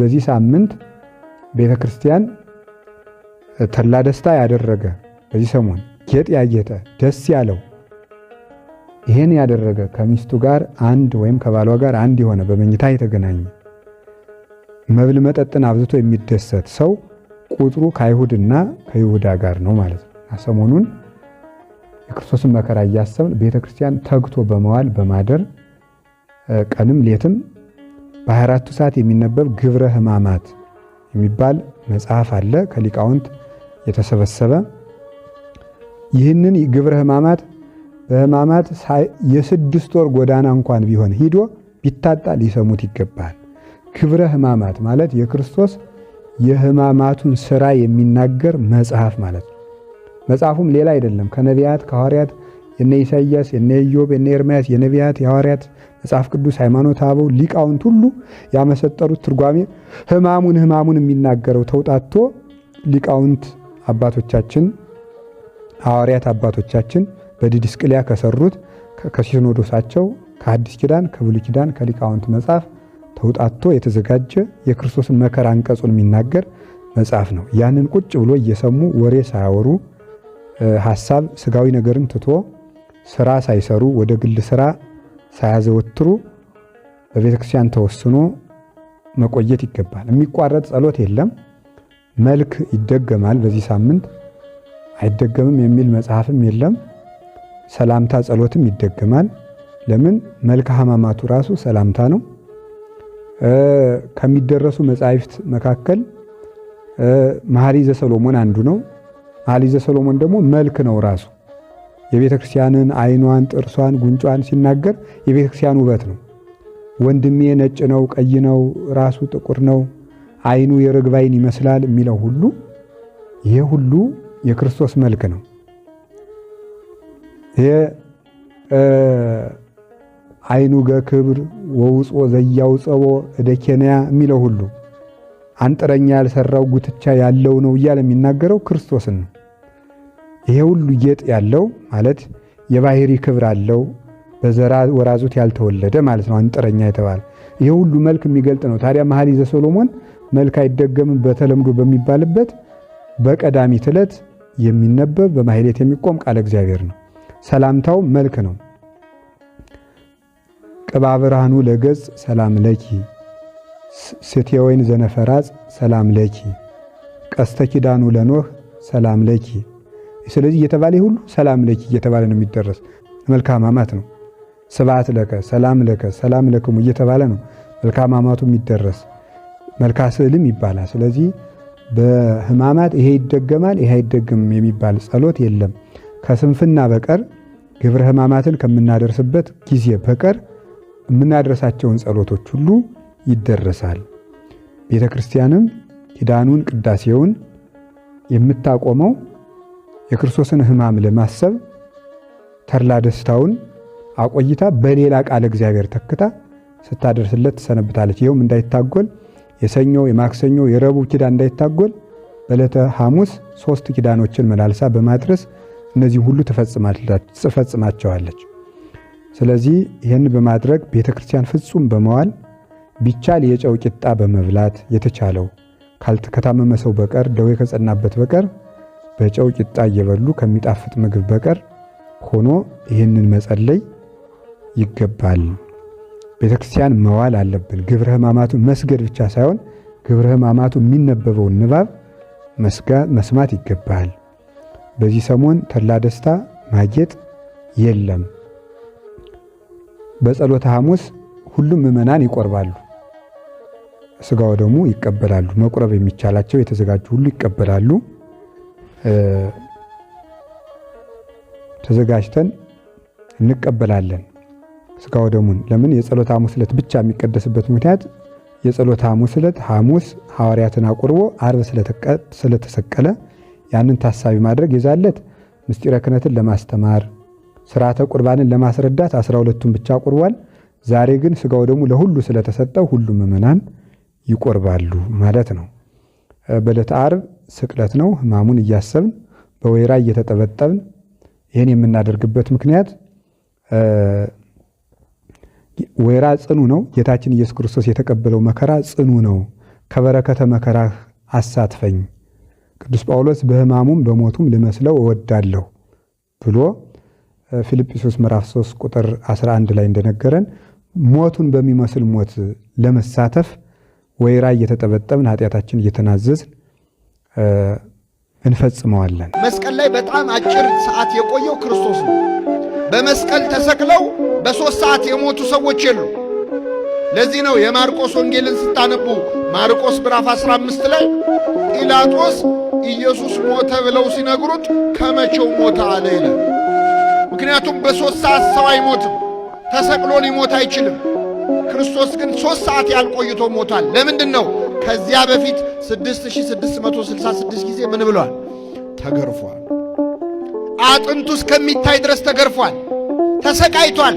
በዚህ ሳምንት ቤተ ክርስቲያን ተላ ደስታ ያደረገ በዚህ ሰሞን ጌጥ ያጌጠ ደስ ያለው ይሄን ያደረገ ከሚስቱ ጋር አንድ ወይም ከባሏ ጋር አንድ የሆነ በመኝታ የተገናኘ መብል መጠጥን አብዝቶ የሚደሰት ሰው ቁጥሩ ከአይሁድና ከይሁዳ ጋር ነው ማለት ነው። ሰሞኑን የክርስቶስን መከራ እያሰብን ቤተ ክርስቲያን ተግቶ በመዋል በማደር ቀንም ሌትም በአራቱ ሰዓት የሚነበብ ግብረ ሕማማት የሚባል መጽሐፍ አለ ከሊቃውንት የተሰበሰበ። ይህንን ግብረ ሕማማት በሕማማት የስድስት ወር ጎዳና እንኳን ቢሆን ሂዶ ቢታጣ ሊሰሙት ይገባል። ግብረ ሕማማት ማለት የክርስቶስ የሕማማቱን ስራ የሚናገር መጽሐፍ ማለት ነው። መጽሐፉም ሌላ አይደለም ከነቢያት ከሐዋርያት የነ ኢሳይያስ፣ የነ ኢዮብ፣ የነ ኤርምያስ፣ የነቢያት፣ የሐዋርያት መጽሐፍ ቅዱስ ሃይማኖት አበው ሊቃውንት ሁሉ ያመሰጠሩት ትርጓሜ ህማሙን ህማሙን የሚናገረው ተውጣቶ ሊቃውንት አባቶቻችን ሐዋርያት አባቶቻችን በዲድስቅልያ ከሰሩት ከሲኖዶሳቸው ከአዲስ ኪዳን ከብሉይ ኪዳን ከሊቃውንት መጽሐፍ ተውጣቶ የተዘጋጀ የክርስቶስን መከራ አንቀጹን የሚናገር መጽሐፍ ነው። ያንን ቁጭ ብሎ እየሰሙ ወሬ ሳያወሩ ሀሳብ ስጋዊ ነገርን ትቶ ስራ ሳይሰሩ ወደ ግል ስራ ሳያዘወትሩ በቤተ ክርስቲያን ተወስኖ መቆየት ይገባል። የሚቋረጥ ጸሎት የለም። መልክ ይደገማል። በዚህ ሳምንት አይደገምም የሚል መጽሐፍም የለም። ሰላምታ ጸሎትም ይደገማል። ለምን? መልክ ሕማማቱ ራሱ ሰላምታ ነው። ከሚደረሱ መጻሕፍት መካከል መኃልየ ዘሰሎሞን አንዱ ነው። መኃልየ ዘሰሎሞን ደግሞ መልክ ነው ራሱ የቤተ ክርስቲያንን አይኗን፣ ጥርሷን፣ ጉንጯን ሲናገር የቤተ ክርስቲያን ውበት ነው። ወንድሜ ነጭ ነው፣ ቀይ ነው፣ ራሱ ጥቁር ነው፣ አይኑ የርግብ ይመስላል የሚለው ሁሉ ይሄ ሁሉ የክርስቶስ መልክ ነው። ይሄ ዓይኑ ገክብር ወውፆ ዘያው ጸቦ እደኬንያ የሚለው ሁሉ አንጥረኛ ያልሰራው ጉትቻ ያለው ነው እያለ የሚናገረው ክርስቶስን ነው። ይሄ ሁሉ ጌጥ ያለው ማለት የባህሪ ክብር አለው በዘራ ወራዙት ያልተወለደ ማለት ነው። አንጥረኛ የተባለ ይሄ ሁሉ መልክ የሚገልጥ ነው። ታዲያ መኃልየ ሰሎሞን መልክ አይደገምም በተለምዶ በሚባልበት በቀዳሚት ዕለት የሚነበብ በማሕሌት የሚቆም ቃለ እግዚአብሔር ነው። ሰላምታው መልክ ነው። ቅባ ብርሃኑ ለገጽ ሰላም ለኪ ስቴ ወይን ዘነፈራጽ ሰላም ለኪ ቀስተ ኪዳኑ ለኖህ ሰላም ለኪ ስለዚህ እየተባለ ሁሉ ሰላም ለኪ እየተባለ ነው የሚደረስ። መልክአ ነው። ስብሐት ለከ፣ ሰላም ለከ፣ ሰላም ለክሙ እየተባለ ነው መልክአ ሕማማቱ የሚደረስ። መልክአ ስዕልም ይባላል። ስለዚህ በህማማት ይሄ ይደገማል፣ ይሄ አይደገምም የሚባል ጸሎት የለም ከስንፍና በቀር ግብረ ህማማትን ከምናደርስበት ጊዜ በቀር የምናደርሳቸውን ጸሎቶች ሁሉ ይደረሳል። ቤተ ክርስቲያንም ኪዳኑን ቅዳሴውን የምታቆመው የክርስቶስን ሕማም ለማሰብ ተድላ ደስታውን አቆይታ በሌላ ቃለ እግዚአብሔር ተክታ ስታደርስለት ትሰነብታለች። ይኸውም እንዳይታጎል የሰኞ የማክሰኞ የረቡዕ ኪዳን እንዳይታጎል በዕለተ ሐሙስ ሶስት ኪዳኖችን መላልሳ በማድረስ እነዚህ ሁሉ ትፈጽማቸዋለች። ስለዚህ ይህን በማድረግ ቤተ ክርስቲያን ፍጹም በመዋል ቢቻል የጨው ቂጣ በመብላት የተቻለው ከታመመ ሰው በቀር ደዌ ከጸናበት በቀር በጨው ቂጣ እየበሉ ከሚጣፍጥ ምግብ በቀር ሆኖ ይህንን መጸለይ ይገባል። ቤተ ክርስቲያን መዋል አለብን። ግብረ ሕማማቱ መስገድ ብቻ ሳይሆን ግብረ ሕማማቱ የሚነበበውን ንባብ መስማት ይገባል። በዚህ ሰሞን ተድላ ደስታ ማጌጥ የለም። በጸሎተ ሐሙስ ሁሉም ምዕመናን ይቆርባሉ፣ ስጋው ደግሞ ይቀበላሉ። መቁረብ የሚቻላቸው የተዘጋጁ ሁሉ ይቀበላሉ። ተዘጋጅተን እንቀበላለን ስጋው ደሙን። ለምን የጸሎተ ሐሙስ ዕለት ብቻ የሚቀደስበት ምክንያት የጸሎተ ሐሙስ ዕለት ሐሙስ ሐዋርያትን አቁርቦ ዓርብ ስለተሰቀለ ያንን ታሳቢ ማድረግ የዛለት ምስጢረ ክህነትን ለማስተማር ስርዓተ ቁርባንን ለማስረዳት አስራ ሁለቱን ብቻ አቁርቧል። ዛሬ ግን ስጋው ደግሞ ለሁሉ ስለተሰጠው ሁሉ ምዕመናን ይቆርባሉ ማለት ነው። በዕለተ ዓርብ ስቅለት ነው። ሕማሙን እያሰብን በወይራ እየተጠበጠብን ይህን የምናደርግበት ምክንያት ወይራ ጽኑ ነው። ጌታችን ኢየሱስ ክርስቶስ የተቀበለው መከራ ጽኑ ነው። ከበረከተ መከራህ አሳትፈኝ፣ ቅዱስ ጳውሎስ በሕማሙም በሞቱም ልመስለው እወዳለሁ ብሎ ፊልጵሶስ ምዕራፍ 3 ቁጥር 11 ላይ እንደነገረን ሞቱን በሚመስል ሞት ለመሳተፍ ወይራ እየተጠበጠብን ኃጢአታችን እየተናዘዝን እንፈጽመዋለን። መስቀል ላይ በጣም አጭር ሰዓት የቆየው ክርስቶስ ነው። በመስቀል ተሰቅለው በሦስት ሰዓት የሞቱ ሰዎች የሉ። ለዚህ ነው የማርቆስ ወንጌልን ስታነቡ ማርቆስ ምዕራፍ 15 ላይ ጲላጦስ ኢየሱስ ሞተ ብለው ሲነግሩት ከመቼው ሞተ አለ ይላል። ምክንያቱም በሦስት ሰዓት ሰው አይሞትም፣ ተሰቅሎ ሊሞት አይችልም። ክርስቶስ ግን ሦስት ሰዓት ያህል ቆይቶ ሞቷል። ለምንድን ነው? ከዚያ በፊት 6666 ጊዜ ምን ብሏል? ተገርፏል። አጥንቱ እስከሚታይ ድረስ ተገርፏል፣ ተሰቃይቷል።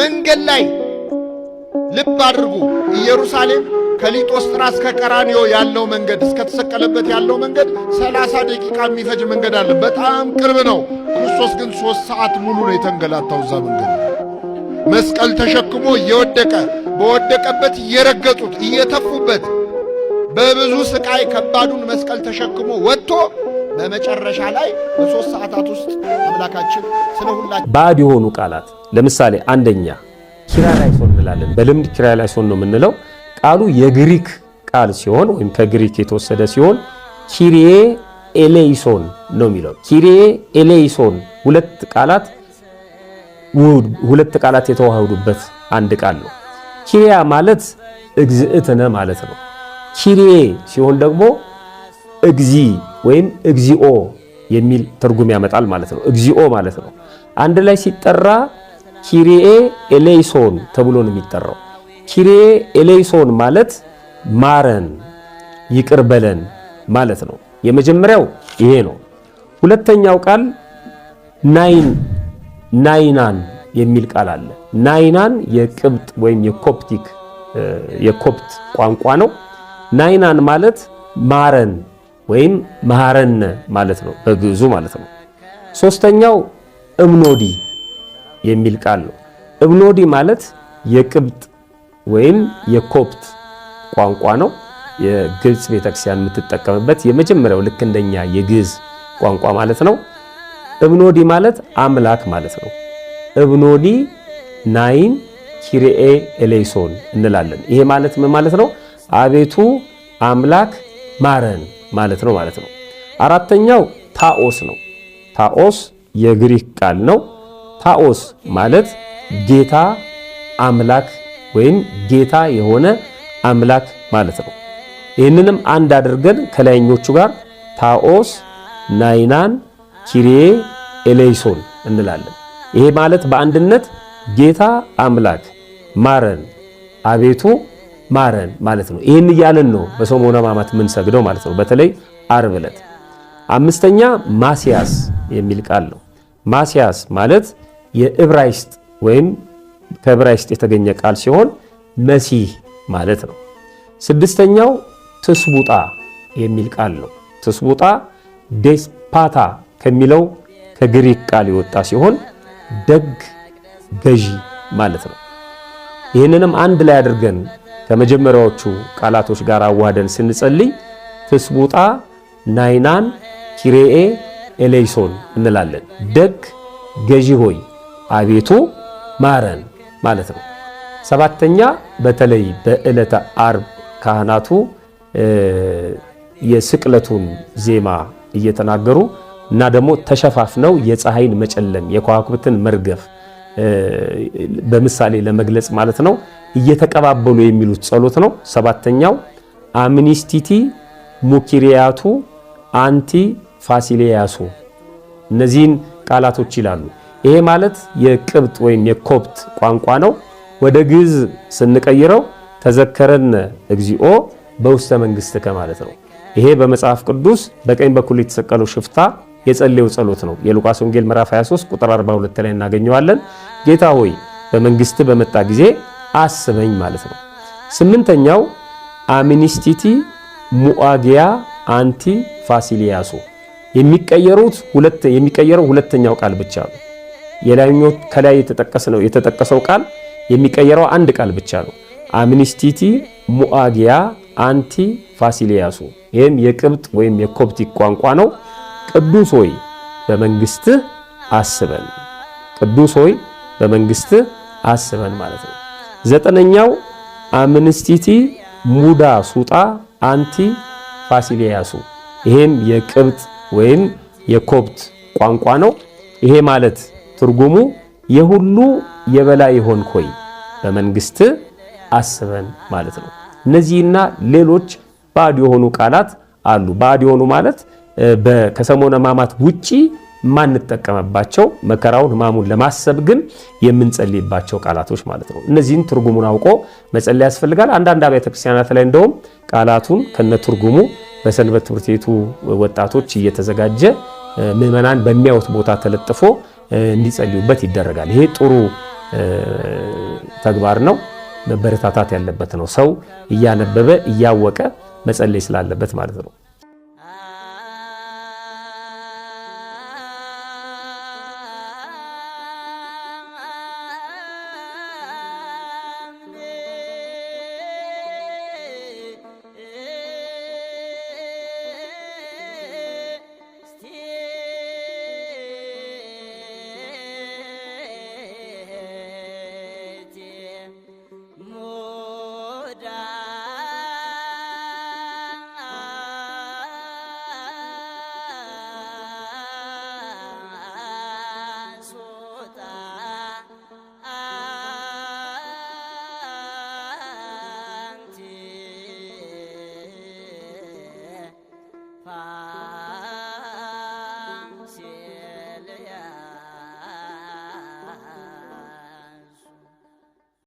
መንገድ ላይ ልብ አድርጉ። ኢየሩሳሌም ከሊጦስ ጥራ እስከ ያለው መንገድ እስከተሰቀለበት ያለው መንገድ 30 ደቂቃ የሚፈጅ መንገድ አለ። በጣም ቅርብ ነው። ክርስቶስ ግን ሦስት ሰዓት ሙሉ ነው የተንገላታው እዛ መንገድ መስቀል ተሸክሞ እየወደቀ በወደቀበት እየረገጡት እየተፉበት በብዙ ስቃይ ከባዱን መስቀል ተሸክሞ ወጥቶ በመጨረሻ ላይ በሶስት ሰዓታት ውስጥ አምላካችን ስለ ሁላችን ባዕድ የሆኑ ቃላት ለምሳሌ አንደኛ ሶን እንላለን። በልምድ ኪርያላይሶን ነው የምንለው። ቃሉ የግሪክ ቃል ሲሆን ወይም ከግሪክ የተወሰደ ሲሆን ኪሪዬ ኤሌይሶን ነው የሚለው። ኪሪዬ ኤሌይሶን ሁለት ቃላት ሁለት ቃላት የተዋሃዱበት አንድ ቃል ነው። ኪሪያ ማለት እግዝእትነ ማለት ነው። ኪሪዬ ሲሆን ደግሞ እግዚ ወይም እግዚኦ የሚል ትርጉም ያመጣል ማለት ነው። እግዚኦ ማለት ነው። አንድ ላይ ሲጠራ ኪሪኤ ኤሌይሶን ተብሎ ነው የሚጠራው። ኪሪኤ ኤሌይሶን ማለት ማረን፣ ይቅርበለን ማለት ነው። የመጀመሪያው ይሄ ነው። ሁለተኛው ቃል ናይን ናይናን የሚል ቃል አለ። ናይናን የቅብጥ ወይም የኮፕቲክ የኮፕት ቋንቋ ነው። ናይናን ማለት ማረን ወይም ማረነ ማለት ነው በግዕዙ ማለት ነው። ሶስተኛው እብኖዲ የሚል ቃል ነው። እብኖዲ ማለት የቅብጥ ወይም የኮፕት ቋንቋ ነው። የግብፅ ቤተክርስቲያን የምትጠቀምበት የመጀመሪያው ልክ እንደኛ የግዕዝ ቋንቋ ማለት ነው። እብኖዲ ማለት አምላክ ማለት ነው። እብኖዲ ናይን ኪሪኤ ኤሌይሶን እንላለን። ይሄ ማለት ምን ማለት ነው? አቤቱ አምላክ ማረን ማለት ነው ማለት ነው። አራተኛው ታኦስ ነው። ታኦስ የግሪክ ቃል ነው። ታኦስ ማለት ጌታ አምላክ ወይም ጌታ የሆነ አምላክ ማለት ነው። ይህንንም አንድ አድርገን ከላይኞቹ ጋር ታኦስ ናይናን ኪሪዬ ኤሌይሶን እንላለን። ይሄ ማለት በአንድነት ጌታ አምላክ ማረን፣ አቤቱ ማረን ማለት ነው። ይህን እያለን ነው በሰሙነ ሕማማት የምንሰግደው ማለት ነው። በተለይ ዓርብ ዕለት። አምስተኛ ማስያስ የሚል ቃል ነው። ማስያስ ማለት የዕብራይስጥ ወይም ከዕብራይስጥ የተገኘ ቃል ሲሆን መሲህ ማለት ነው። ስድስተኛው ትስቡጣ የሚል ቃል ነው። ትስቡጣ ዴስፓታ ከሚለው ከግሪክ ቃል የወጣ ሲሆን ደግ ገዢ ማለት ነው። ይህንንም አንድ ላይ አድርገን ከመጀመሪያዎቹ ቃላቶች ጋር አዋህደን ስንጸልይ ትስቡጣ ናይናን ኪሬኤ ኤሌይሶን እንላለን። ደግ ገዢ ሆይ አቤቱ ማረን ማለት ነው። ሰባተኛ በተለይ በዕለተ አርብ ካህናቱ የስቅለቱን ዜማ እየተናገሩ እና ደግሞ ተሸፋፍነው የፀሐይን መጨለም የከዋክብትን መርገፍ በምሳሌ ለመግለጽ ማለት ነው እየተቀባበሉ የሚሉት ጸሎት ነው። ሰባተኛው አምኒስቲቲ ሙኪሪያቱ አንቲ ፋሲሌያሱ እነዚህን ቃላቶች ይላሉ። ይሄ ማለት የቅብጥ ወይም የኮብት ቋንቋ ነው። ወደ ግዕዝ ስንቀይረው ተዘከረን እግዚኦ በውስተ መንግስት ማለት ነው። ይሄ በመጽሐፍ ቅዱስ በቀኝ በኩል የተሰቀለው ሽፍታ የጸለዩ ጸሎት ነው። የሉቃስ ወንጌል ምዕራፍ 23 ቁጥር 42 ላይ እናገኘዋለን። ጌታ ሆይ በመንግስት በመጣ ጊዜ አስበኝ ማለት ነው። ስምንተኛው አሚኒስቲቲ ሙአጊያ አንቲ ፋሲሊያሶ የሚቀየሩት ሁለት የሚቀየረው ሁለተኛው ቃል ብቻ ነው። የላይኛው ከላይ የተጠቀሰው የተጠቀሰው ቃል የሚቀየረው አንድ ቃል ብቻ ነው። አሚኒስቲቲ ሙአጊያ አንቲ ፋሲሊያሶ ይህም የቅብጥ ወይም የኮፕቲክ ቋንቋ ነው። ቅዱስ ሆይ በመንግሥትህ አስበን፣ ቅዱስ ሆይ በመንግሥትህ አስበን ማለት ነው። ዘጠነኛው አምንስቲቲ ሙዳ ሱጣ አንቲ ፋሲሊያሱ ይሄም የቅብጥ ወይም የኮብት ቋንቋ ነው። ይሄ ማለት ትርጉሙ የሁሉ የበላይ ሆንክ ሆይ በመንግስት አስበን ማለት ነው። እነዚህና ሌሎች ባዕድ የሆኑ ቃላት አሉ። ባዕድ የሆኑ ማለት ከሰሞነ ሕማማት ውጪ ማንጠቀምባቸው መከራውን ሕማሙን ለማሰብ ግን የምንጸልይባቸው ቃላቶች ማለት ነው። እነዚህን ትርጉሙን አውቆ መጸለይ ያስፈልጋል። አንዳንድ አብያተ ክርስቲያናት ላይ እንደውም ቃላቱን ከነ ትርጉሙ በሰንበት ትምህርት ቤቱ ወጣቶች እየተዘጋጀ ምዕመናን በሚያዩት ቦታ ተለጥፎ እንዲጸልዩበት ይደረጋል። ይሄ ጥሩ ተግባር ነው። መበረታታት ያለበት ነው። ሰው እያነበበ እያወቀ መጸለይ ስላለበት ማለት ነው።